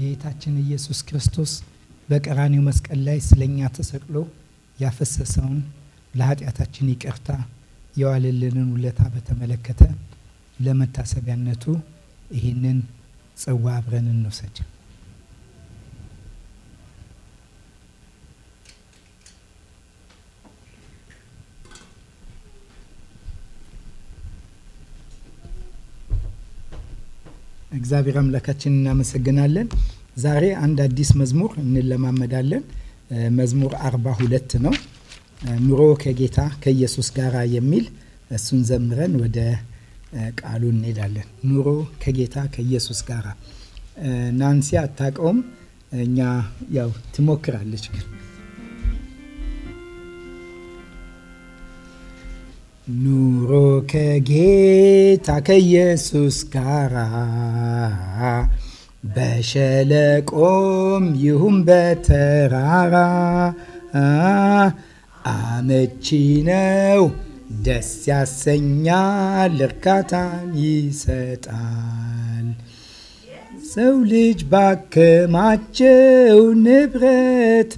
ጌታችን ኢየሱስ ክርስቶስ በቀራኒው መስቀል ላይ ስለኛ ተሰቅሎ ያፈሰሰውን ለኃጢአታችን ይቅርታ የዋለልንን ውለታ በተመለከተ ለመታሰቢያነቱ ይህንን ጽዋ አብረን እንውሰድ። እግዚአብሔር አምላካችን እናመሰግናለን። ዛሬ አንድ አዲስ መዝሙር እንለማመዳለን። መዝሙር 42 ነው። ኑሮ ከጌታ ከኢየሱስ ጋር የሚል እሱን ዘምረን ወደ ቃሉ እንሄዳለን። ኑሮ ከጌታ ከኢየሱስ ጋር ናንሲ አታውቀውም። እኛ ያው ትሞክራለች ግን ኑሮ ከጌታ ከኢየሱስ ጋራ በሸለቆም ይሁን በተራራ አመቺ ነው፣ ደስ ያሰኛል፣ እርካታን ይሰጣል። ሰው ልጅ ባከማቸው ንብረት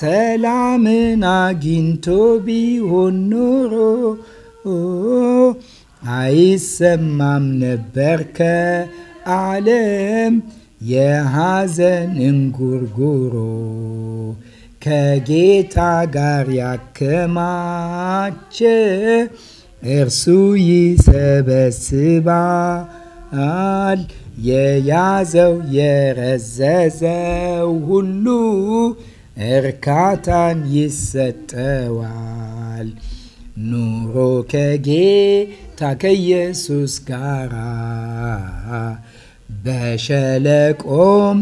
ሰላምን አግኝቶ ቢሆን ኑሮ አይሰማም ነበር ከዓለም የሐዘን እንጉርጉሮ ከጌታ ጋር ያከማቸ እርሱ ይሰበስባል። የያዘው የረዘዘው ሁሉ እርካታን ይሰጠዋል። ኑሮ ከጌታ ከኢየሱስ ጋራ በሸለቆም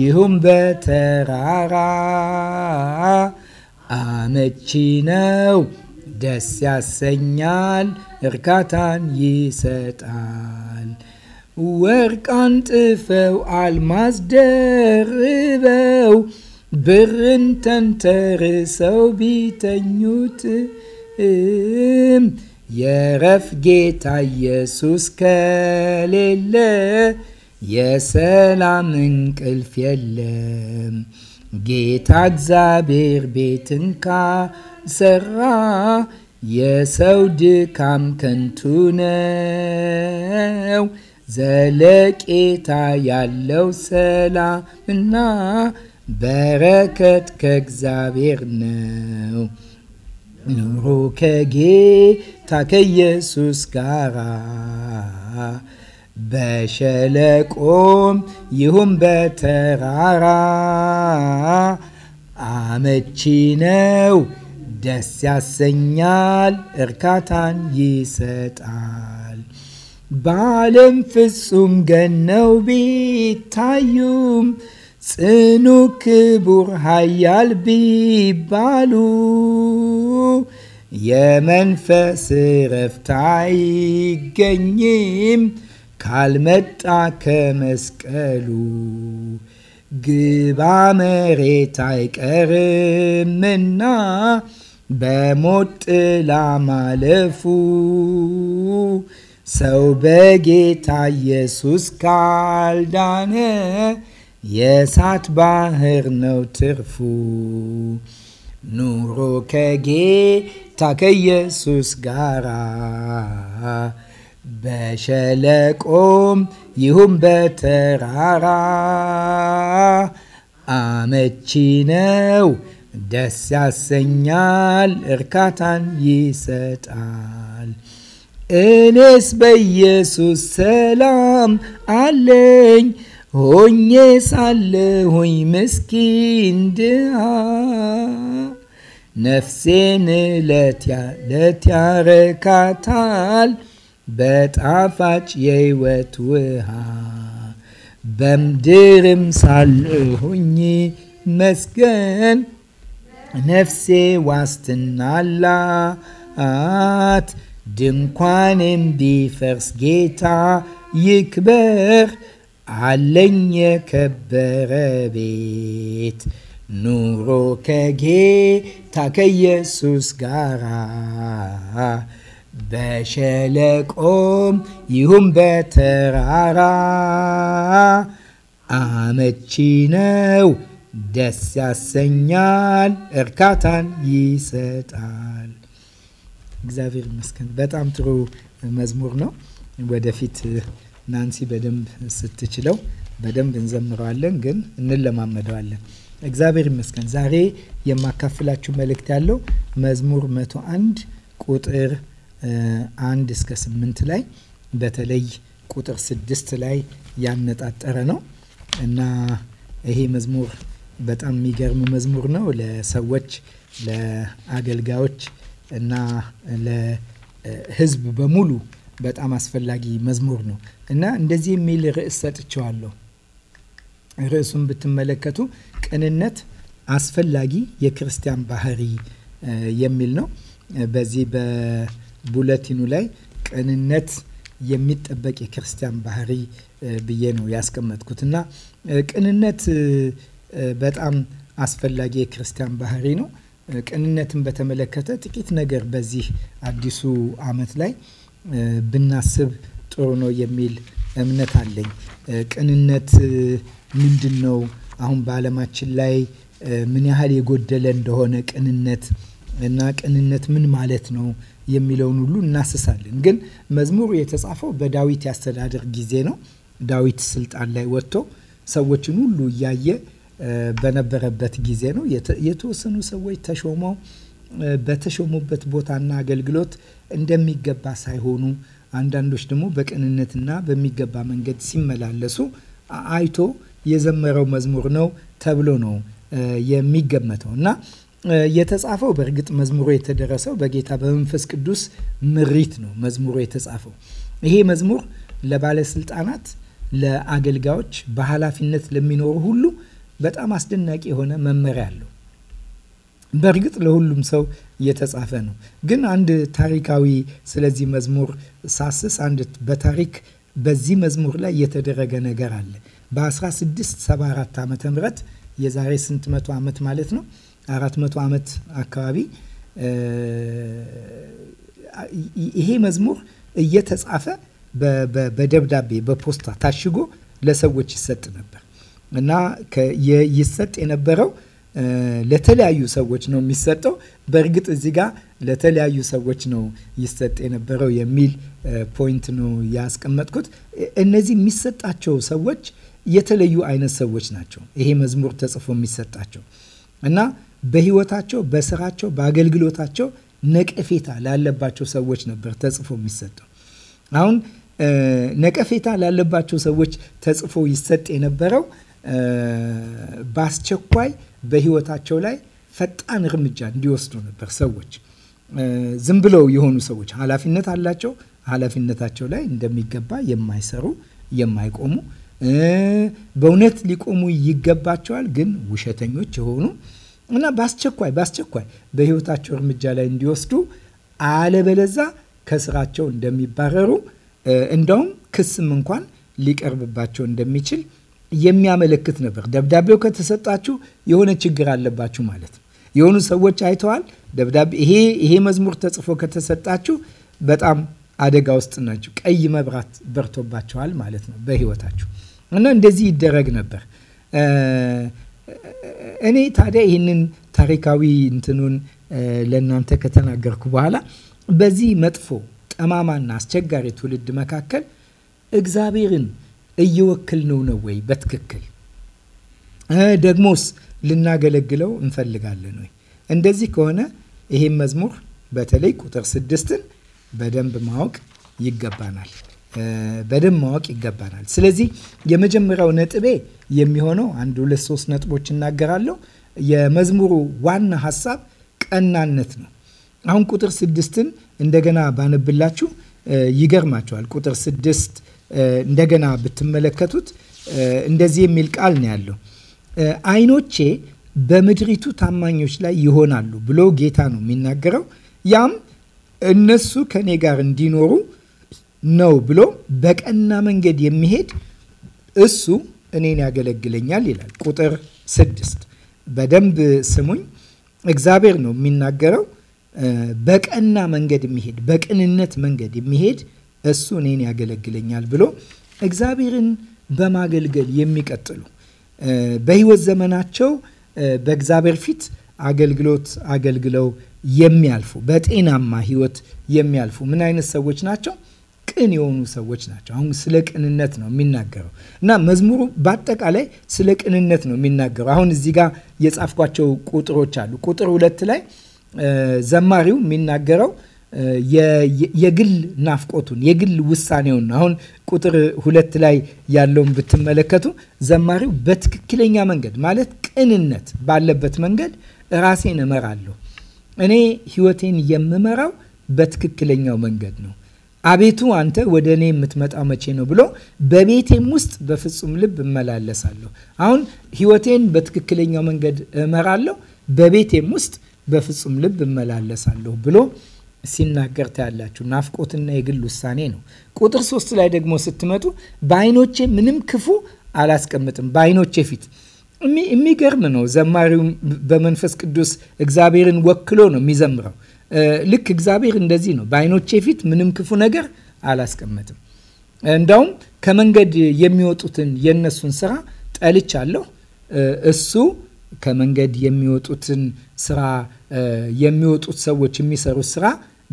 ይሁን በተራራ አመቺ ነው፣ ደስ ያሰኛል፣ እርካታን ይሰጣል። ወርቃን ጥፈው አልማዝ ደርበው ብርን ተንተርሰው ቢተኙት የረፍ ጌታ ኢየሱስ ከሌለ የሰላም እንቅልፍ የለም። ጌታ እግዚአብሔር ቤትን ካሰራ የሰው ድካም ከንቱ ነው። ዘለቄታ ያለው ሰላምና በረከት ከእግዚአብሔር ነው። ኑሮ ከጌታ ከኢየሱስ ጋራ በሸለቆም ይሁን በተራራ አመቺ ነው፣ ደስ ያሰኛል፣ እርካታን ይሰጣል። በዓለም ፍጹም ገነው ቢታዩም ጽኑ ክቡር ኃያል ቢባሉ የመንፈስ ረፍት አይገኝም ካልመጣ ከመስቀሉ ግባ መሬት አይቀርምና በሞት ጥላ ማለፉ ሰው በጌታ ኢየሱስ ካልዳነ የእሳት ባህር ነው ትርፉ ኑሮ ከጌታ ከኢየሱስ ጋራ በሸለቆም ይሁን በተራራ አመቺ ነው ደስ ያሰኛል፣ እርካታን ይሰጣል። እኔስ በኢየሱስ ሰላም አለኝ ሆኜ ሳለሁኝ ምስኪን ድሃ ነፍሴን ዕለት ዕለት ያረካታል በጣፋጭ የህይወት ውሃ። በምድርም ሳለሁኝ መስገን ነፍሴ ዋስትናላት ድንኳንም ቢፈርስ ጌታ ይክበር አለኝ የከበረ ቤት ኑሮ ከጌታ ከኢየሱስ ጋራ በሸለቆም ይሁን በተራራ አመቺ ነው፣ ደስ ያሰኛል፣ እርካታን ይሰጣል። እግዚአብሔር ይመስገን። በጣም ጥሩ መዝሙር ነው። ወደፊት ናንሲ በደንብ ስትችለው በደንብ እንዘምረዋለን፣ ግን እንለማመደዋለን። እግዚአብሔር ይመስገን። ዛሬ የማካፍላችሁ መልእክት ያለው መዝሙር 101 ቁጥር አንድ እስከ ስምንት ላይ በተለይ ቁጥር ስድስት ላይ ያነጣጠረ ነው እና ይሄ መዝሙር በጣም የሚገርም መዝሙር ነው። ለሰዎች ለአገልጋዮች እና ለሕዝብ በሙሉ በጣም አስፈላጊ መዝሙር ነው እና እንደዚህ የሚል ርዕስ ሰጥቸዋለሁ። ርዕሱን ብትመለከቱ ቅንነት አስፈላጊ የክርስቲያን ባህሪ የሚል ነው። በዚህ በቡለቲኑ ላይ ቅንነት የሚጠበቅ የክርስቲያን ባህሪ ብዬ ነው ያስቀመጥኩት እና ቅንነት በጣም አስፈላጊ የክርስቲያን ባህሪ ነው። ቅንነትን በተመለከተ ጥቂት ነገር በዚህ አዲሱ ዓመት ላይ ብናስብ ጥሩ ነው የሚል እምነት አለኝ። ቅንነት ምንድን ነው? አሁን በአለማችን ላይ ምን ያህል የጎደለ እንደሆነ ቅንነት እና ቅንነት ምን ማለት ነው የሚለውን ሁሉ እናስሳለን። ግን መዝሙሩ የተጻፈው በዳዊት የአስተዳደር ጊዜ ነው። ዳዊት ስልጣን ላይ ወጥቶ ሰዎችን ሁሉ እያየ በነበረበት ጊዜ ነው። የተወሰኑ ሰዎች ተሾመው በተሾሙበት ቦታና አገልግሎት እንደሚገባ ሳይሆኑ አንዳንዶች ደግሞ በቅንነትና በሚገባ መንገድ ሲመላለሱ አይቶ የዘመረው መዝሙር ነው ተብሎ ነው የሚገመተው እና የተጻፈው በእርግጥ መዝሙሩ የተደረሰው በጌታ በመንፈስ ቅዱስ ምሪት ነው። መዝሙሩ የተጻፈው ይሄ መዝሙር ለባለስልጣናት፣ ለአገልጋዮች፣ በኃላፊነት ለሚኖሩ ሁሉ በጣም አስደናቂ የሆነ መመሪያ አለው። በእርግጥ ለሁሉም ሰው የተጻፈ ነው። ግን አንድ ታሪካዊ ስለዚህ መዝሙር ሳስስ አንድ በታሪክ በዚህ መዝሙር ላይ የተደረገ ነገር አለ። በ1674 ዓ ም የዛሬ ስንት መቶ ዓመት ማለት ነው 400 ዓመት አካባቢ ይሄ መዝሙር እየተጻፈ በደብዳቤ በፖስታ ታሽጎ ለሰዎች ይሰጥ ነበር እና ይሰጥ የነበረው ለተለያዩ ሰዎች ነው የሚሰጠው። በእርግጥ እዚህ ጋር ለተለያዩ ሰዎች ነው ይሰጥ የነበረው የሚል ፖይንት ነው ያስቀመጥኩት። እነዚህ የሚሰጣቸው ሰዎች የተለዩ አይነት ሰዎች ናቸው። ይሄ መዝሙር ተጽፎ የሚሰጣቸው እና በህይወታቸው በስራቸው፣ በአገልግሎታቸው ነቀፌታ ላለባቸው ሰዎች ነበር ተጽፎ የሚሰጠው። አሁን ነቀፌታ ላለባቸው ሰዎች ተጽፎ ይሰጥ የነበረው በአስቸኳይ በህይወታቸው ላይ ፈጣን እርምጃ እንዲወስዱ ነበር። ሰዎች ዝም ብለው የሆኑ ሰዎች ኃላፊነት አላቸው። ኃላፊነታቸው ላይ እንደሚገባ የማይሰሩ የማይቆሙ በእውነት ሊቆሙ ይገባቸዋል፣ ግን ውሸተኞች የሆኑ እና በአስቸኳይ በአስቸኳይ በህይወታቸው እርምጃ ላይ እንዲወስዱ አለበለዛ ከስራቸው እንደሚባረሩ እንደውም ክስም እንኳን ሊቀርብባቸው እንደሚችል የሚያመለክት ነበር። ደብዳቤው ከተሰጣችሁ የሆነ ችግር አለባችሁ ማለት ነው። የሆኑ ሰዎች አይተዋል። ደብዳቤ ይሄ ይሄ መዝሙር ተጽፎ ከተሰጣችሁ በጣም አደጋ ውስጥ ናችሁ፣ ቀይ መብራት በርቶባችኋል ማለት ነው በህይወታችሁ እና እንደዚህ ይደረግ ነበር። እኔ ታዲያ ይህንን ታሪካዊ እንትኑን ለእናንተ ከተናገርኩ በኋላ በዚህ መጥፎ ጠማማና አስቸጋሪ ትውልድ መካከል እግዚአብሔርን እየወክል ነው ነው ወይ በትክክል ደግሞስ ልናገለግለው እንፈልጋለን ወይ? እንደዚህ ከሆነ ይህም መዝሙር በተለይ ቁጥር ስድስትን በደንብ ማወቅ ይገባናል። በደንብ ማወቅ ይገባናል። ስለዚህ የመጀመሪያው ነጥቤ የሚሆነው አንድ ሁለት ሶስት ነጥቦች እናገራለሁ። የመዝሙሩ ዋና ሀሳብ ቀናነት ነው። አሁን ቁጥር ስድስትን እንደገና ባነብላችሁ ይገርማችኋል። ቁጥር ስድስት እንደገና ብትመለከቱት እንደዚህ የሚል ቃል ነው ያለው። አይኖቼ በምድሪቱ ታማኞች ላይ ይሆናሉ ብሎ ጌታ ነው የሚናገረው። ያም እነሱ ከእኔ ጋር እንዲኖሩ ነው ብሎ በቀና መንገድ የሚሄድ እሱ እኔን ያገለግለኛል ይላል። ቁጥር ስድስት በደንብ ስሙኝ። እግዚአብሔር ነው የሚናገረው። በቀና መንገድ የሚሄድ በቅንነት መንገድ የሚሄድ እሱ እኔን ያገለግለኛል ብሎ እግዚአብሔርን በማገልገል የሚቀጥሉ በህይወት ዘመናቸው በእግዚአብሔር ፊት አገልግሎት አገልግለው የሚያልፉ በጤናማ ህይወት የሚያልፉ ምን አይነት ሰዎች ናቸው? ቅን የሆኑ ሰዎች ናቸው። አሁን ስለ ቅንነት ነው የሚናገረው እና መዝሙሩ በአጠቃላይ ስለ ቅንነት ነው የሚናገረው። አሁን እዚህ ጋር የጻፍኳቸው ቁጥሮች አሉ። ቁጥር ሁለት ላይ ዘማሪው የሚናገረው የግል ናፍቆቱን የግል ውሳኔውን አሁን ቁጥር ሁለት ላይ ያለውን ብትመለከቱ ዘማሪው በትክክለኛ መንገድ ማለት ቅንነት ባለበት መንገድ ራሴን እመራለሁ። እኔ ህይወቴን የምመራው በትክክለኛው መንገድ ነው። አቤቱ አንተ ወደ እኔ የምትመጣው መቼ ነው ብሎ በቤቴም ውስጥ በፍጹም ልብ እመላለሳለሁ። አሁን ህይወቴን በትክክለኛው መንገድ እመራለሁ፣ በቤቴም ውስጥ በፍጹም ልብ እመላለሳለሁ ብሎ ሲናገር ታያላችሁ። ናፍቆትና የግል ውሳኔ ነው። ቁጥር ሶስት ላይ ደግሞ ስትመጡ በአይኖቼ ምንም ክፉ አላስቀምጥም። በአይኖቼ ፊት የሚገርም ነው። ዘማሪው በመንፈስ ቅዱስ እግዚአብሔርን ወክሎ ነው የሚዘምረው። ልክ እግዚአብሔር እንደዚህ ነው፣ በአይኖቼ ፊት ምንም ክፉ ነገር አላስቀምጥም። እንዳውም ከመንገድ የሚወጡትን የእነሱን ስራ ጠልቻለሁ፣ እሱ ከመንገድ የሚወጡትን ስራ የሚወጡት ሰዎች የሚሰሩት ስራ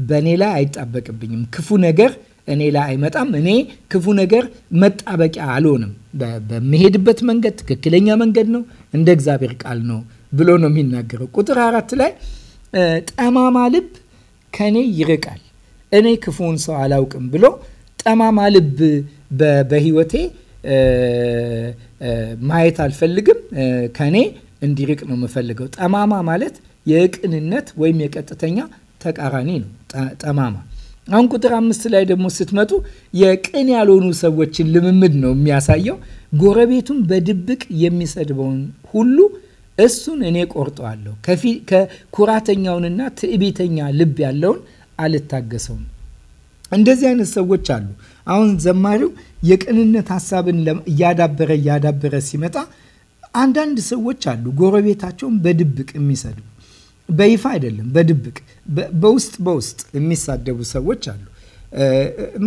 በእኔ ላይ አይጣበቅብኝም። ክፉ ነገር እኔ ላይ አይመጣም። እኔ ክፉ ነገር መጣበቂያ አልሆንም። በሚሄድበት መንገድ ትክክለኛ መንገድ ነው፣ እንደ እግዚአብሔር ቃል ነው ብሎ ነው የሚናገረው። ቁጥር አራት ላይ ጠማማ ልብ ከእኔ ይርቃል፣ እኔ ክፉውን ሰው አላውቅም ብሎ ጠማማ ልብ በህይወቴ ማየት አልፈልግም። ከእኔ እንዲርቅ ነው የምፈልገው። ጠማማ ማለት የቅንነት ወይም የቀጥተኛ ተቃራኒ ነው፣ ጠማማ። አሁን ቁጥር አምስት ላይ ደግሞ ስትመጡ የቅን ያልሆኑ ሰዎችን ልምምድ ነው የሚያሳየው። ጎረቤቱን በድብቅ የሚሰድበውን ሁሉ እሱን እኔ ቆርጠዋለሁ፣ ከኩራተኛውንና ትዕቢተኛ ልብ ያለውን አልታገሰውም። እንደዚህ አይነት ሰዎች አሉ። አሁን ዘማሪው የቅንነት ሀሳብን እያዳበረ እያዳበረ ሲመጣ አንዳንድ ሰዎች አሉ ጎረቤታቸውን በድብቅ የሚሰድቡ በይፋ አይደለም፣ በድብቅ በውስጥ በውስጥ የሚሳደቡ ሰዎች አሉ።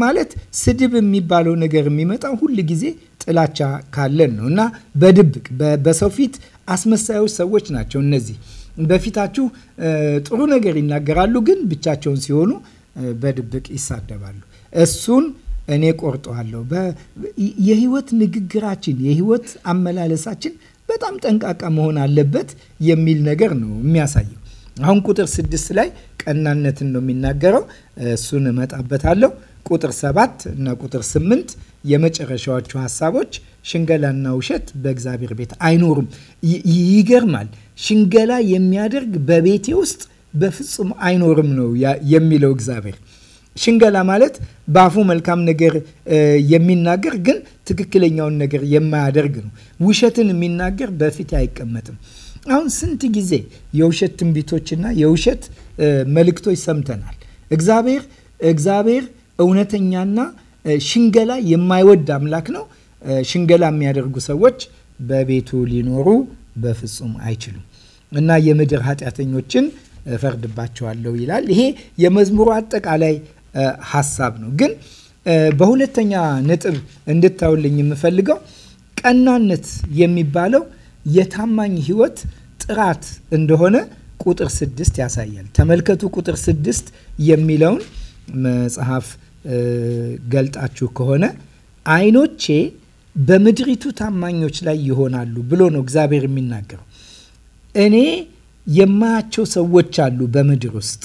ማለት ስድብ የሚባለው ነገር የሚመጣው ሁል ጊዜ ጥላቻ ካለን ነው እና በድብቅ በሰው ፊት አስመሳዮች ሰዎች ናቸው እነዚህ። በፊታችሁ ጥሩ ነገር ይናገራሉ፣ ግን ብቻቸውን ሲሆኑ በድብቅ ይሳደባሉ። እሱን እኔ ቆርጠዋለሁ። የህይወት ንግግራችን፣ የህይወት አመላለሳችን በጣም ጠንቃቃ መሆን አለበት የሚል ነገር ነው የሚያሳየው። አሁን ቁጥር ስድስት ላይ ቀናነትን ነው የሚናገረው። እሱን እመጣበታለሁ። ቁጥር ሰባት እና ቁጥር ስምንት የመጨረሻዎቹ ሀሳቦች ሽንገላና ውሸት በእግዚአብሔር ቤት አይኖሩም። ይገርማል። ሽንገላ የሚያደርግ በቤቴ ውስጥ በፍጹም አይኖርም ነው የሚለው እግዚአብሔር። ሽንገላ ማለት በአፉ መልካም ነገር የሚናገር ግን ትክክለኛውን ነገር የማያደርግ ነው። ውሸትን የሚናገር በፊት አይቀመጥም። አሁን ስንት ጊዜ የውሸት ትንቢቶችና የውሸት መልእክቶች ሰምተናል። እግዚአብሔር እግዚአብሔር እውነተኛና ሽንገላ የማይወድ አምላክ ነው። ሽንገላ የሚያደርጉ ሰዎች በቤቱ ሊኖሩ በፍጹም አይችሉም እና የምድር ኃጢአተኞችን እፈርድባቸዋለሁ ይላል። ይሄ የመዝሙሩ አጠቃላይ ሀሳብ ነው። ግን በሁለተኛ ነጥብ እንድታውልኝ የምፈልገው ቀናነት የሚባለው የታማኝ ህይወት ጥራት እንደሆነ ቁጥር ስድስት ያሳያል። ተመልከቱ ቁጥር ስድስት የሚለውን መጽሐፍ ገልጣችሁ ከሆነ አይኖቼ በምድሪቱ ታማኞች ላይ ይሆናሉ ብሎ ነው እግዚአብሔር የሚናገረው። እኔ የማያቸው ሰዎች አሉ በምድር ውስጥ።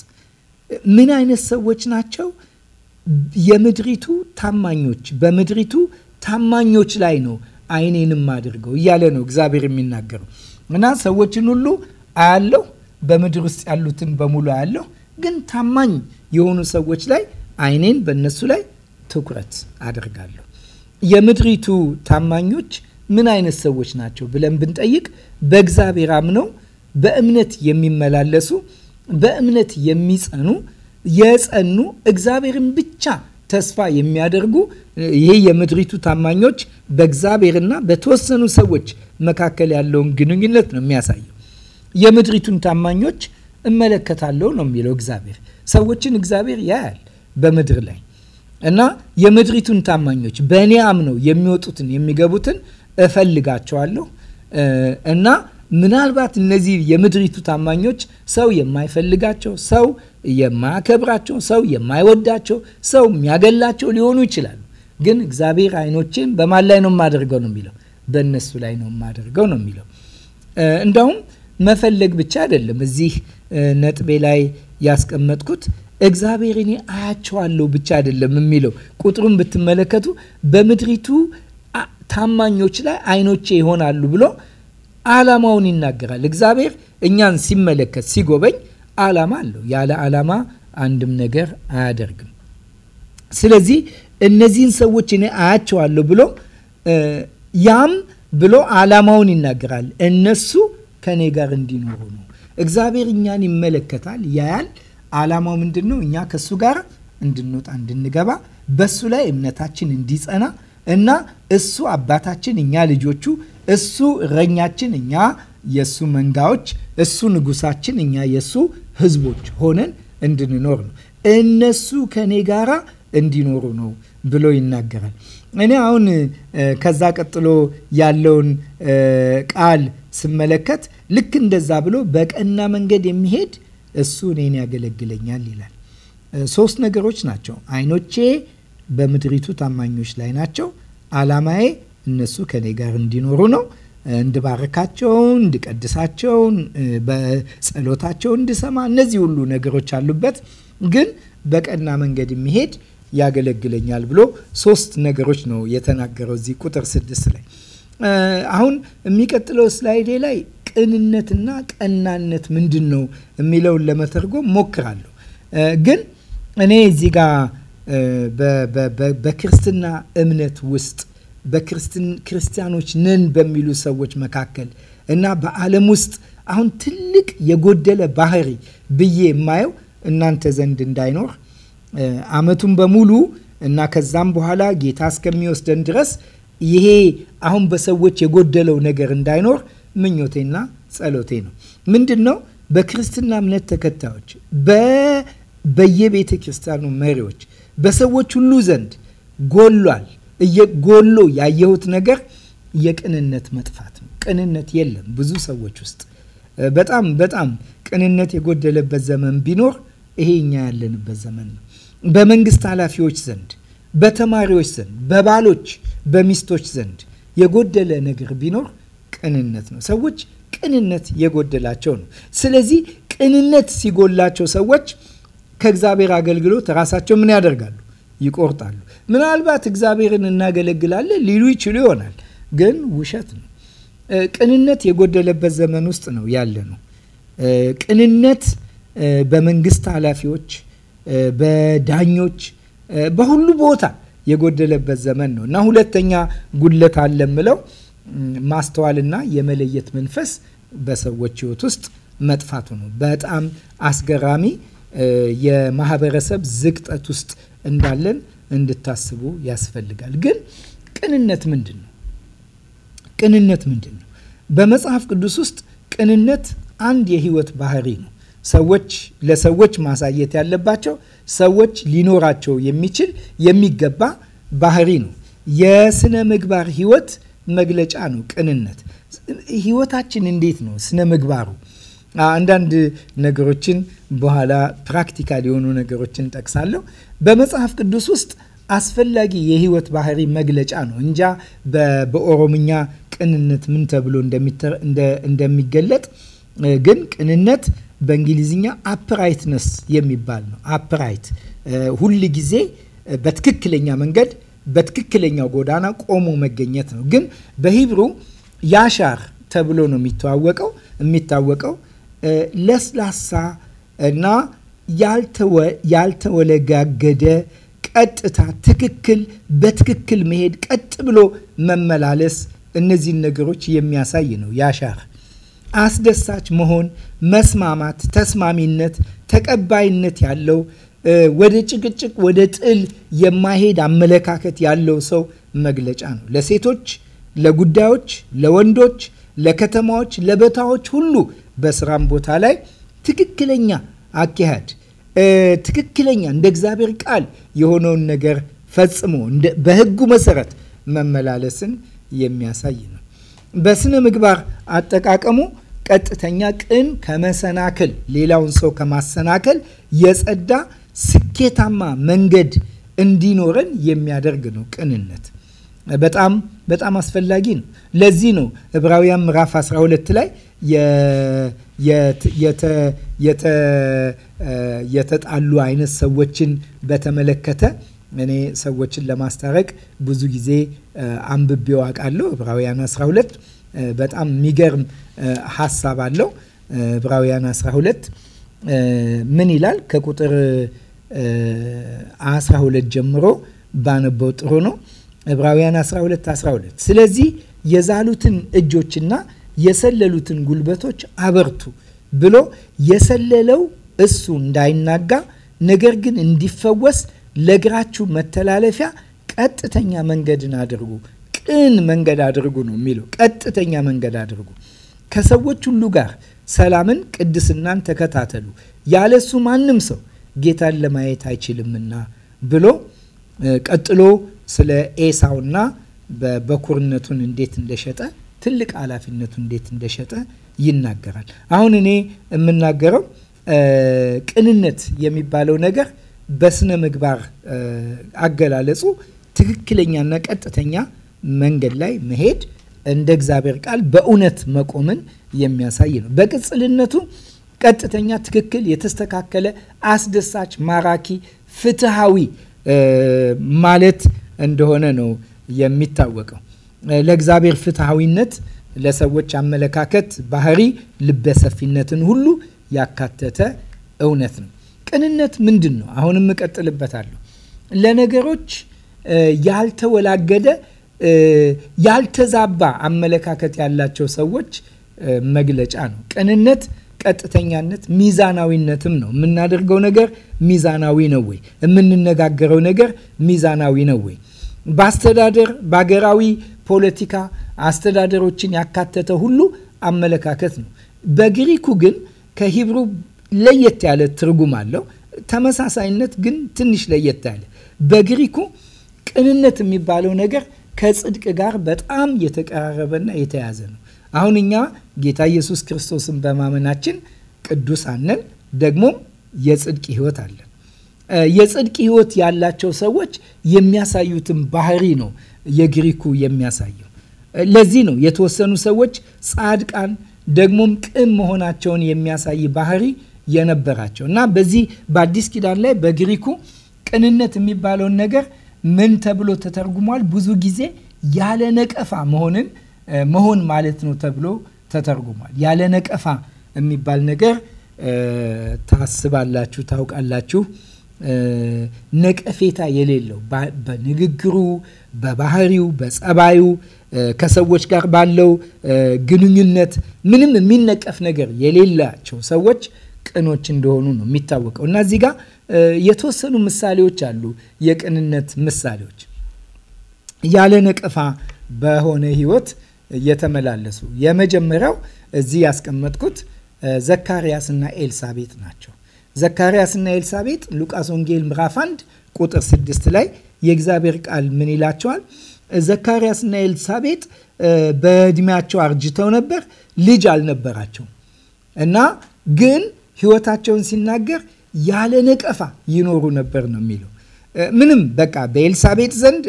ምን አይነት ሰዎች ናቸው? የምድሪቱ ታማኞች። በምድሪቱ ታማኞች ላይ ነው አይኔንም አድርገው እያለ ነው እግዚአብሔር የሚናገረው እና ሰዎችን ሁሉ አያለሁ፣ በምድር ውስጥ ያሉትን በሙሉ አያለሁ፣ ግን ታማኝ የሆኑ ሰዎች ላይ አይኔን በእነሱ ላይ ትኩረት አድርጋለሁ። የምድሪቱ ታማኞች ምን አይነት ሰዎች ናቸው ብለን ብንጠይቅ በእግዚአብሔር አምነው በእምነት የሚመላለሱ በእምነት የሚጸኑ የጸኑ እግዚአብሔርን ብቻ ተስፋ የሚያደርጉ ይሄ የምድሪቱ ታማኞች በእግዚአብሔርና በተወሰኑ ሰዎች መካከል ያለውን ግንኙነት ነው የሚያሳየው። የምድሪቱን ታማኞች እመለከታለሁ ነው የሚለው እግዚአብሔር። ሰዎችን እግዚአብሔር ያያል በምድር ላይ እና የምድሪቱን ታማኞች በእኔ አምነው የሚወጡትን የሚገቡትን እፈልጋቸዋለሁ እና ምናልባት እነዚህ የምድሪቱ ታማኞች ሰው የማይፈልጋቸው፣ ሰው የማያከብራቸው፣ ሰው የማይወዳቸው፣ ሰው የሚያገላቸው ሊሆኑ ይችላሉ። ግን እግዚአብሔር አይኖችን በማን ላይ ነው የማደርገው ነው የሚለው በእነሱ ላይ ነው የማደርገው ነው የሚለው። እንደውም መፈለግ ብቻ አይደለም እዚህ ነጥቤ ላይ ያስቀመጥኩት እግዚአብሔር እኔ አያቸዋለሁ ብቻ አይደለም የሚለው ቁጥሩን ብትመለከቱ በምድሪቱ ታማኞች ላይ አይኖቼ ይሆናሉ ብሎ ዓላማውን ይናገራል። እግዚአብሔር እኛን ሲመለከት ሲጎበኝ ዓላማ አለው። ያለ ዓላማ አንድም ነገር አያደርግም። ስለዚህ እነዚህን ሰዎች እኔ አያቸዋለሁ ብሎ ያም ብሎ ዓላማውን ይናገራል። እነሱ ከእኔ ጋር እንዲኖሩ ነው። እግዚአብሔር እኛን ይመለከታል፣ ያያል። ዓላማው ምንድን ነው? እኛ ከእሱ ጋር እንድንወጣ እንድንገባ፣ በሱ ላይ እምነታችን እንዲጸና እና እሱ አባታችን እኛ ልጆቹ እሱ እረኛችን፣ እኛ የእሱ መንጋዎች፣ እሱ ንጉሳችን፣ እኛ የእሱ ህዝቦች ሆነን እንድንኖር ነው። እነሱ ከእኔ ጋራ እንዲኖሩ ነው ብሎ ይናገራል። እኔ አሁን ከዛ ቀጥሎ ያለውን ቃል ስመለከት ልክ እንደዛ ብሎ በቀና መንገድ የሚሄድ እሱ እኔን ያገለግለኛል ይላል። ሶስት ነገሮች ናቸው። አይኖቼ በምድሪቱ ታማኞች ላይ ናቸው። አላማዬ እነሱ ከኔ ጋር እንዲኖሩ ነው እንድባርካቸው፣ እንድቀድሳቸው፣ በጸሎታቸው እንድሰማ እነዚህ ሁሉ ነገሮች አሉበት። ግን በቀና መንገድ የሚሄድ ያገለግለኛል ብሎ ሶስት ነገሮች ነው የተናገረው እዚህ ቁጥር ስድስት ላይ። አሁን የሚቀጥለው ስላይዴ ላይ ቅንነትና ቀናነት ምንድን ነው የሚለውን ለመተርጎም ሞክራለሁ። ግን እኔ እዚህ ጋር በክርስትና እምነት ውስጥ በክርስቲያኖች ነን በሚሉ ሰዎች መካከል እና በዓለም ውስጥ አሁን ትልቅ የጎደለ ባህሪ ብዬ የማየው እናንተ ዘንድ እንዳይኖር ዓመቱን በሙሉ እና ከዛም በኋላ ጌታ እስከሚወስደን ድረስ ይሄ አሁን በሰዎች የጎደለው ነገር እንዳይኖር ምኞቴና ጸሎቴ ነው። ምንድን ነው? በክርስትና እምነት ተከታዮች፣ በየቤተ ክርስቲያኑ መሪዎች፣ በሰዎች ሁሉ ዘንድ ጎሏል እየጎሎ ያየሁት ነገር የቅንነት መጥፋት ነው። ቅንነት የለም ብዙ ሰዎች ውስጥ በጣም በጣም ቅንነት የጎደለበት ዘመን ቢኖር ይሄ እኛ ያለንበት ዘመን ነው። በመንግስት ኃላፊዎች ዘንድ፣ በተማሪዎች ዘንድ፣ በባሎች በሚስቶች ዘንድ የጎደለ ነገር ቢኖር ቅንነት ነው። ሰዎች ቅንነት የጎደላቸው ነው። ስለዚህ ቅንነት ሲጎላቸው ሰዎች ከእግዚአብሔር አገልግሎት ራሳቸው ምን ያደርጋሉ? ይቆርጣሉ። ምናልባት እግዚአብሔርን እናገለግላለን ሊሉ ይችሉ ይሆናል፣ ግን ውሸት ነው። ቅንነት የጎደለበት ዘመን ውስጥ ነው ያለ ነው። ቅንነት በመንግስት ኃላፊዎች፣ በዳኞች፣ በሁሉ ቦታ የጎደለበት ዘመን ነው እና ሁለተኛ ጉድለት አለ ምለው ማስተዋልና የመለየት መንፈስ በሰዎች ህይወት ውስጥ መጥፋቱ ነው። በጣም አስገራሚ የማህበረሰብ ዝቅጠት ውስጥ እንዳለን እንድታስቡ ያስፈልጋል። ግን ቅንነት ምንድን ነው? ቅንነት ምንድን ነው? በመጽሐፍ ቅዱስ ውስጥ ቅንነት አንድ የህይወት ባህሪ ነው። ሰዎች ለሰዎች ማሳየት ያለባቸው ሰዎች ሊኖራቸው የሚችል የሚገባ ባህሪ ነው። የስነ ምግባር ህይወት መግለጫ ነው። ቅንነት ህይወታችን እንዴት ነው? ስነ ምግባሩ አንዳንድ ነገሮችን በኋላ ፕራክቲካል የሆኑ ነገሮችን ጠቅሳለሁ። በመጽሐፍ ቅዱስ ውስጥ አስፈላጊ የህይወት ባህሪ መግለጫ ነው። እንጃ በኦሮምኛ ቅንነት ምን ተብሎ እንደሚገለጥ ግን ቅንነት በእንግሊዝኛ አፕራይትነስ የሚባል ነው። አፕራይት ሁል ጊዜ በትክክለኛ መንገድ በትክክለኛው ጎዳና ቆሞ መገኘት ነው። ግን በሂብሩ ያሻር ተብሎ ነው የሚተዋወቀው የሚታወቀው ለስላሳ እና ያልተወለጋገደ ቀጥታ ትክክል በትክክል መሄድ ቀጥ ብሎ መመላለስ እነዚህን ነገሮች የሚያሳይ ነው። ያሻህ አስደሳች መሆን፣ መስማማት፣ ተስማሚነት፣ ተቀባይነት ያለው ወደ ጭቅጭቅ ወደ ጥል የማይሄድ አመለካከት ያለው ሰው መግለጫ ነው። ለሴቶች፣ ለጉዳዮች፣ ለወንዶች፣ ለከተማዎች፣ ለበታዎች ሁሉ በስራም ቦታ ላይ ትክክለኛ አካሄድ ትክክለኛ እንደ እግዚአብሔር ቃል የሆነውን ነገር ፈጽሞ በህጉ መሰረት መመላለስን የሚያሳይ ነው። በስነ ምግባር አጠቃቀሙ ቀጥተኛ፣ ቅን፣ ከመሰናክል ሌላውን ሰው ከማሰናከል የጸዳ ስኬታማ መንገድ እንዲኖረን የሚያደርግ ነው ቅንነት በጣም በጣም አስፈላጊ ነው። ለዚህ ነው ዕብራውያን ምዕራፍ 12 ላይ የተጣሉ አይነት ሰዎችን በተመለከተ እኔ ሰዎችን ለማስታረቅ ብዙ ጊዜ አንብቤው አውቃለሁ። ዕብራውያን 12 በጣም የሚገርም ሀሳብ አለው። ዕብራውያን 12 ምን ይላል? ከቁጥር 12 ጀምሮ ባነበው ጥሩ ነው። ዕብራውያን 12 12 ስለዚህ የዛሉትን እጆችና የሰለሉትን ጉልበቶች አበርቱ ብሎ የሰለለው እሱ እንዳይናጋ ነገር ግን እንዲፈወስ ለእግራችሁ መተላለፊያ ቀጥተኛ መንገድን አድርጉ፣ ቅን መንገድ አድርጉ ነው የሚለው። ቀጥተኛ መንገድ አድርጉ። ከሰዎች ሁሉ ጋር ሰላምን፣ ቅድስናን ተከታተሉ። ያለሱ ማንም ሰው ጌታን ለማየት አይችልምና ብሎ ቀጥሎ ስለ ኤሳውና በኩርነቱን እንዴት እንደሸጠ ትልቅ ኃላፊነቱ እንዴት እንደሸጠ ይናገራል። አሁን እኔ የምናገረው ቅንነት የሚባለው ነገር በስነ ምግባር አገላለጹ ትክክለኛና ቀጥተኛ መንገድ ላይ መሄድ እንደ እግዚአብሔር ቃል በእውነት መቆምን የሚያሳይ ነው። በቅጽልነቱ ቀጥተኛ፣ ትክክል፣ የተስተካከለ፣ አስደሳች፣ ማራኪ፣ ፍትሃዊ ማለት እንደሆነ ነው የሚታወቀው። ለእግዚአብሔር ፍትሐዊነት፣ ለሰዎች አመለካከት ባህሪ ልበሰፊነትን ሁሉ ያካተተ እውነት ነው። ቅንነት ምንድን ነው? አሁንም እቀጥልበታለሁ። ለነገሮች ያልተወላገደ ያልተዛባ አመለካከት ያላቸው ሰዎች መግለጫ ነው። ቅንነት ቀጥተኛነት፣ ሚዛናዊነትም ነው። የምናደርገው ነገር ሚዛናዊ ነው ወይ? የምንነጋገረው ነገር ሚዛናዊ ነው ወይ? በአስተዳደር በአገራዊ ፖለቲካ አስተዳደሮችን ያካተተ ሁሉ አመለካከት ነው። በግሪኩ ግን ከሂብሩ ለየት ያለ ትርጉም አለው። ተመሳሳይነት ግን ትንሽ ለየት ያለ በግሪኩ ቅንነት የሚባለው ነገር ከጽድቅ ጋር በጣም የተቀራረበና የተያዘ ነው። አሁን እኛ ጌታ ኢየሱስ ክርስቶስን በማመናችን ቅዱሳን ነን፣ ደግሞም የጽድቅ ሕይወት አለን። የጽድቅ ህይወት ያላቸው ሰዎች የሚያሳዩትን ባህሪ ነው የግሪኩ የሚያሳየው። ለዚህ ነው የተወሰኑ ሰዎች ጻድቃን ደግሞም ቅን መሆናቸውን የሚያሳይ ባህሪ የነበራቸው እና በዚህ በአዲስ ኪዳን ላይ በግሪኩ ቅንነት የሚባለውን ነገር ምን ተብሎ ተተርጉሟል? ብዙ ጊዜ ያለ ነቀፋ መሆንን መሆን ማለት ነው ተብሎ ተተርጉሟል። ያለ ነቀፋ የሚባል ነገር ታስባላችሁ፣ ታውቃላችሁ ነቀፌታ የሌለው በንግግሩ፣ በባህሪው፣ በጸባዩ፣ ከሰዎች ጋር ባለው ግንኙነት ምንም የሚነቀፍ ነገር የሌላቸው ሰዎች ቅኖች እንደሆኑ ነው የሚታወቀው እና እዚህ ጋር የተወሰኑ ምሳሌዎች አሉ። የቅንነት ምሳሌዎች ያለ ነቀፋ በሆነ ህይወት የተመላለሱ የመጀመሪያው እዚህ ያስቀመጥኩት እና ኤልሳቤጥ ናቸው። ዘካርያስና ኤልሳቤጥ ሉቃስ ወንጌል ምዕራፍ 1 ቁጥር 6 ላይ የእግዚአብሔር ቃል ምን ይላቸዋል? ዘካርያስና ኤልሳቤጥ በእድሜያቸው አርጅተው ነበር፣ ልጅ አልነበራቸው እና ግን ህይወታቸውን ሲናገር ያለ ነቀፋ ይኖሩ ነበር ነው የሚለው። ምንም በቃ በኤልሳቤጥ ዘንድ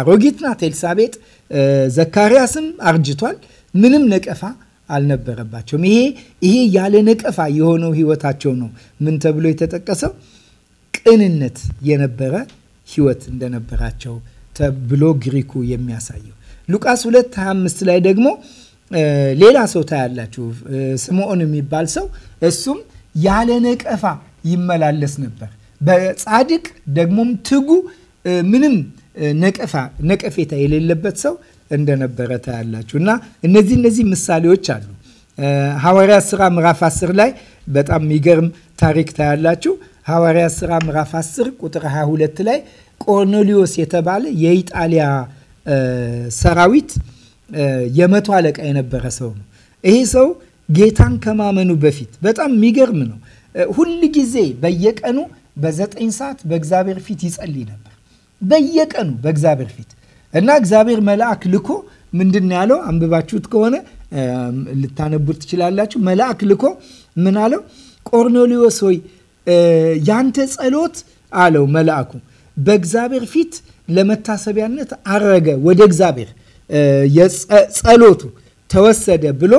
አሮጊት ናት ኤልሳቤጥ፣ ዘካርያስም አርጅቷል። ምንም ነቀፋ አልነበረባቸውም። ይሄ ይሄ ያለ ነቀፋ የሆነው ህይወታቸው ነው። ምን ተብሎ የተጠቀሰው? ቅንነት የነበረ ህይወት እንደነበራቸው ተብሎ ግሪኩ የሚያሳየው ሉቃስ 25 ላይ ደግሞ ሌላ ሰው ታያላችሁ። ስምዖን የሚባል ሰው እሱም ያለ ነቀፋ ይመላለስ ነበር። በጻድቅ ደግሞም ትጉ ምንም ነቀፋ ነቀፌታ የሌለበት ሰው እንደነበረ ታያላችሁ። እና እነዚህ እነዚህ ምሳሌዎች አሉ። ሐዋርያ ስራ ምዕራፍ 10 ላይ በጣም የሚገርም ታሪክ ታያላችሁ። ሐዋርያ ስራ ምዕራፍ 10 ቁጥር 22 ላይ ቆርኔሊዮስ የተባለ የኢጣሊያ ሰራዊት የመቶ አለቃ የነበረ ሰው ነው። ይሄ ሰው ጌታን ከማመኑ በፊት በጣም የሚገርም ነው። ሁል ጊዜ በየቀኑ በዘጠኝ ሰዓት በእግዚአብሔር ፊት ይጸልይ ነበር። በየቀኑ በእግዚአብሔር ፊት እና እግዚአብሔር መልአክ ልኮ ምንድን ያለው አንብባችሁት ከሆነ ልታነቡት ትችላላችሁ። መልአክ ልኮ ምን አለው? ቆርኔሊዮስ ሆይ ያንተ ጸሎት አለው መልአኩ በእግዚአብሔር ፊት ለመታሰቢያነት አረገ፣ ወደ እግዚአብሔር ጸሎቱ ተወሰደ ብሎ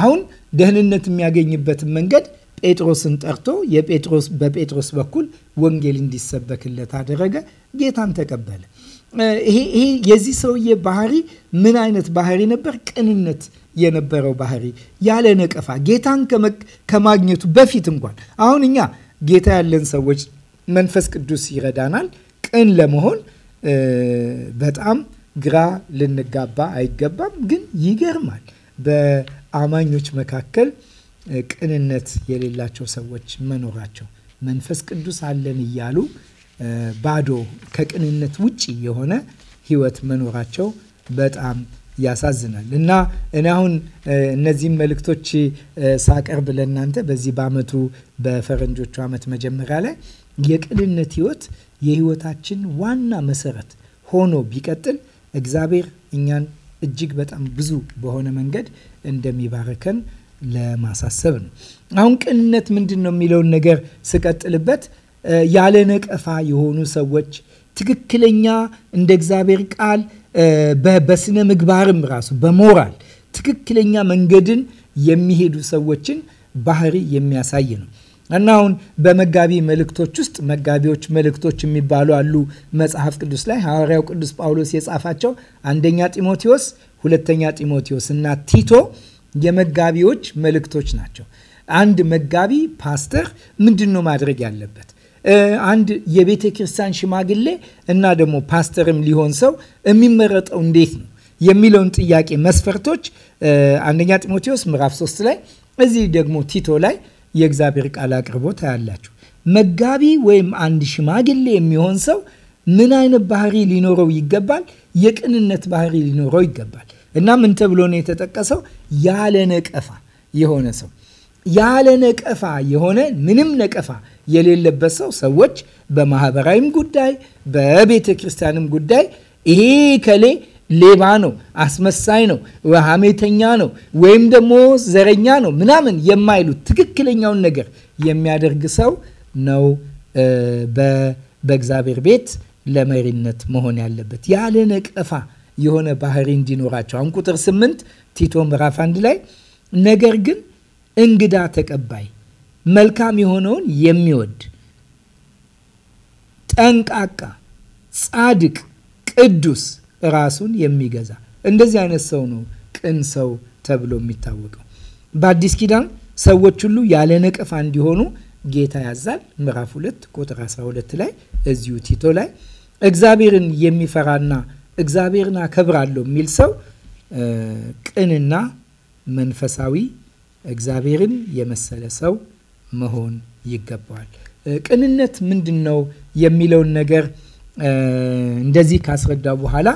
አሁን ደህንነት የሚያገኝበትን መንገድ ጴጥሮስን ጠርቶ የጴጥሮስ በጴጥሮስ በኩል ወንጌል እንዲሰበክለት አደረገ። ጌታን ተቀበለ። ይሄ የዚህ ሰውዬ ባህሪ ምን አይነት ባህሪ ነበር? ቅንነት የነበረው ባህሪ፣ ያለ ነቀፋ ጌታን ከማግኘቱ በፊት እንኳን። አሁን እኛ ጌታ ያለን ሰዎች መንፈስ ቅዱስ ይረዳናል ቅን ለመሆን በጣም ግራ ልንጋባ አይገባም። ግን ይገርማል በአማኞች መካከል ቅንነት የሌላቸው ሰዎች መኖራቸው መንፈስ ቅዱስ አለን እያሉ ባዶ ከቅንነት ውጭ የሆነ ህይወት መኖራቸው በጣም ያሳዝናል። እና እኔ አሁን እነዚህም መልእክቶች ሳቀርብ ለእናንተ በዚህ በአመቱ በፈረንጆቹ አመት መጀመሪያ ላይ የቅንነት ህይወት የህይወታችን ዋና መሰረት ሆኖ ቢቀጥል እግዚአብሔር እኛን እጅግ በጣም ብዙ በሆነ መንገድ እንደሚባረከን ለማሳሰብ ነው። አሁን ቅንነት ምንድን ነው የሚለውን ነገር ስቀጥልበት ያለ ነቀፋ የሆኑ ሰዎች ትክክለኛ እንደ እግዚአብሔር ቃል በስነ ምግባርም ራሱ በሞራል ትክክለኛ መንገድን የሚሄዱ ሰዎችን ባህሪ የሚያሳይ ነው እና አሁን በመጋቢ መልእክቶች ውስጥ መጋቢዎች መልእክቶች የሚባሉ አሉ። መጽሐፍ ቅዱስ ላይ ሐዋርያው ቅዱስ ጳውሎስ የጻፋቸው አንደኛ ጢሞቴዎስ፣ ሁለተኛ ጢሞቴዎስ እና ቲቶ የመጋቢዎች መልእክቶች ናቸው። አንድ መጋቢ ፓስተር ምንድን ነው ማድረግ ያለበት? አንድ የቤተ ክርስቲያን ሽማግሌ እና ደግሞ ፓስተርም ሊሆን ሰው የሚመረጠው እንዴት ነው የሚለውን ጥያቄ መስፈርቶች አንደኛ ጢሞቴዎስ ምዕራፍ 3 ላይ እዚህ ደግሞ ቲቶ ላይ የእግዚአብሔር ቃል አቅርቦ ታያላችሁ። መጋቢ ወይም አንድ ሽማግሌ የሚሆን ሰው ምን አይነት ባህሪ ሊኖረው ይገባል? የቅንነት ባህሪ ሊኖረው ይገባል። እና ምን ተብሎ ነው የተጠቀሰው? ያለ ነቀፋ የሆነ ሰው ያለ ነቀፋ የሆነ ምንም ነቀፋ የሌለበት ሰው ሰዎች በማህበራዊም ጉዳይ በቤተ ክርስቲያንም ጉዳይ ይሄ ከሌ ሌባ ነው፣ አስመሳይ ነው፣ ሐሜተኛ ነው፣ ወይም ደግሞ ዘረኛ ነው ምናምን የማይሉት ትክክለኛውን ነገር የሚያደርግ ሰው ነው በእግዚአብሔር ቤት ለመሪነት መሆን ያለበት ያለ ነቀፋ የሆነ ባህሪ እንዲኖራቸው። አሁን ቁጥር ስምንት ቲቶ ምዕራፍ አንድ ላይ ነገር ግን እንግዳ ተቀባይ መልካም የሆነውን የሚወድ ጠንቃቃ፣ ጻድቅ፣ ቅዱስ ራሱን የሚገዛ እንደዚህ አይነት ሰው ነው ቅን ሰው ተብሎ የሚታወቀው። በአዲስ ኪዳን ሰዎች ሁሉ ያለ ነቀፋ እንዲሆኑ ጌታ ያዛል። ምዕራፍ 2 ቁጥር 12 ላይ እዚሁ ቲቶ ላይ እግዚአብሔርን የሚፈራና እግዚአብሔርን አከብራለሁ የሚል ሰው ቅንና መንፈሳዊ እግዚአብሔርን የመሰለ ሰው መሆን ይገባዋል። ቅንነት ምንድን ነው የሚለውን ነገር እንደዚህ ካስረዳ በኋላ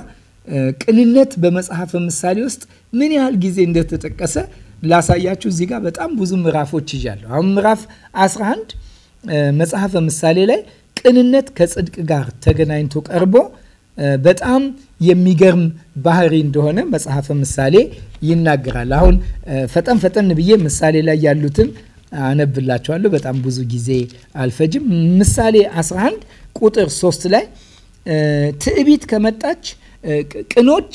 ቅንነት በመጽሐፈ ምሳሌ ውስጥ ምን ያህል ጊዜ እንደተጠቀሰ ላሳያችሁ። እዚህ ጋር በጣም ብዙ ምዕራፎች ይዣለሁ። አሁን ምዕራፍ 11 መጽሐፈ ምሳሌ ላይ ቅንነት ከጽድቅ ጋር ተገናኝቶ ቀርቦ በጣም የሚገርም ባህሪ እንደሆነ መጽሐፈ ምሳሌ ይናገራል። አሁን ፈጠን ፈጠን ብዬ ምሳሌ ላይ ያሉትን አነብላቸዋለሁ በጣም ብዙ ጊዜ አልፈጅም። ምሳሌ 11 ቁጥር 3 ላይ ትዕቢት ከመጣች ቅኖች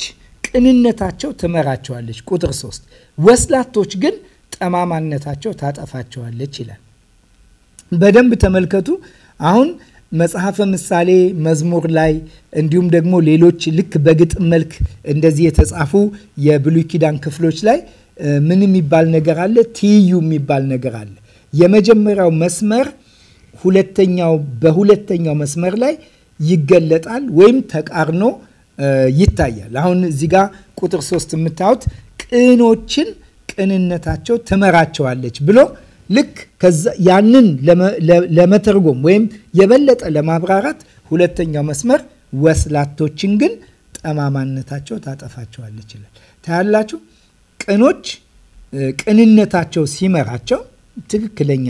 ቅንነታቸው ትመራቸዋለች። ቁጥር 3 ወስላቶች ግን ጠማማነታቸው ታጠፋቸዋለች ይላል። በደንብ ተመልከቱ። አሁን መጽሐፈ ምሳሌ መዝሙር ላይ እንዲሁም ደግሞ ሌሎች ልክ በግጥም መልክ እንደዚህ የተጻፉ የብሉይ ኪዳን ክፍሎች ላይ ምን የሚባል ነገር አለ? ትይዩ የሚባል ነገር አለ። የመጀመሪያው መስመር ሁለተኛው በሁለተኛው መስመር ላይ ይገለጣል ወይም ተቃርኖ ይታያል። አሁን እዚህ ጋር ቁጥር ሶስት የምታዩት ቅኖችን ቅንነታቸው ትመራቸዋለች ብሎ ልክ ያንን ለመተርጎም ወይም የበለጠ ለማብራራት ሁለተኛው መስመር ወስላቶችን ግን ጠማማነታቸው ታጠፋቸዋለች ይላል። ታያላችሁ። ቅኖች ቅንነታቸው ሲመራቸው ትክክለኛ